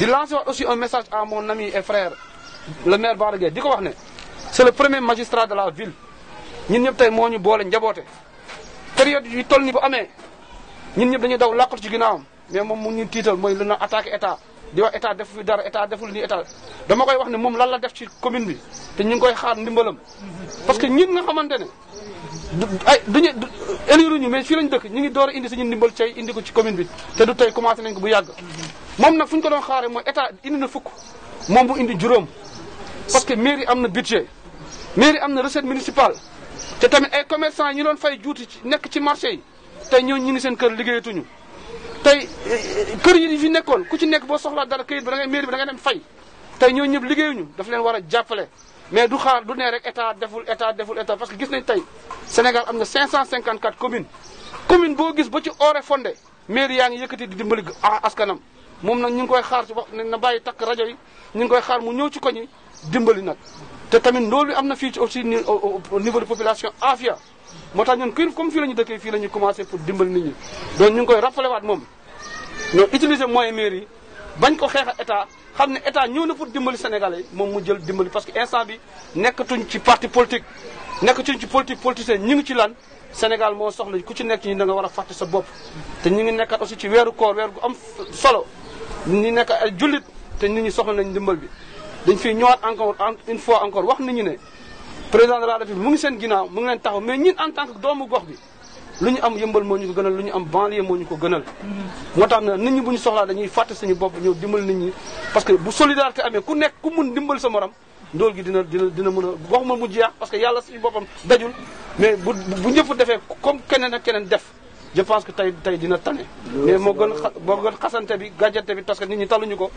di lancer waat aussi un message à mon ami et frère le maire Bara Gaye di ko wax ne c'est le premier magistrat de la ville ñun ñëpp tey moo ñu boole njaboote période yu toll ni bu amee ñun ñëpp dañuy daw làqatu ci ginnaawam mais moom mu ñu tiital mooy lu na attaqué état di wax état def fi dara état deful ni état dama koy wax ne moom lan la def ci commune bi te ñu ngi koy xaar ndimbalam parce que ñun nga xamante ne ay dañuy éliruñu mais fii lañ dëkk ñu ngi door indi si suñu ndimbal cay indi ko ci commune bi te du tey commencé nañ ko bu yàgg moom nag fu ñu ko doon xaaree mooy état indi na fukk moom bu indi juróom parce que mairie am na budget mairie am na recette municipale te tamit ay commerçant yi ñu doon fay juuti ci nekk ci marché yi tey ñooñu ñu ngi seen kër liggéeyatuñu tey kër yi fi nekkoon ku ci nekk boo soxla dara këyit bi da ngay mairie bi da ngay dem fay tey ñooñu ñëpp liggéeyuñu daf leen war a jàppale mais du xaar du ne rek état deful état deful état parce que gis nañ tey Sénégal am na 554 communes commune boo gis ba ci Oore Fondé mairie yaa ngi yëkkati di dimbali askanam moom nag ñu ngi koy xaar ci wax na bàyyi takk rajo yi ñu ngi koy xaar mu ñëw ci koñi dimbali nag. te tamit loolu am na fii ci aussi au niveau de population Afia moo tax ñun kii comme fii la ñu dëkkee fii la ñu commencé pour dimbali nit ñi donc ñu ngi koy rappelé waat moom ñoo utiliser moyen mairie yi. bañ ko xeex ak xam ne état ñëw na pour dimbali sénégalais moom mu jël dimbali parce que instant bi nekkatuñ ci parti politique nekkatuñ ci politique politicien ñu ngi ci lan Sénégal moo soxla ku ci nekk ñi da war a fàtte sa bopp te ñu ngi nekkat aussi ci weeru koor weer gu am solo ñi nekk a jullit te nit ñi soxla nañ dimbal bi dañ fiy ñëwaat encore une fois encore wax nit ñi ne président de la république mu ngi seen ginnaaw mu ngi leen taxaw mais ñun en tant que doomu gox bi lu ñu am yëmbal moo ñu ko gënal lu ñu am banlieue moo ñu ko gënal moo tax na nit ñi bu ñu soxlaa dañuy fàtte suñu bopp ñëw dimbal nit ñi parce que bu solidarité amee ku nekk ku mun dimbal sa morom ndóol gi dina dina dina mën a waxuma mu jeex parce que yàlla suñu boppam dajul mais bu bu ñëpp defee comme keneen ak keneen def je pense que tey tey dina tane mais moo gën moo gën xasante bi gàjjante bi parce que nit ñi taluñu ko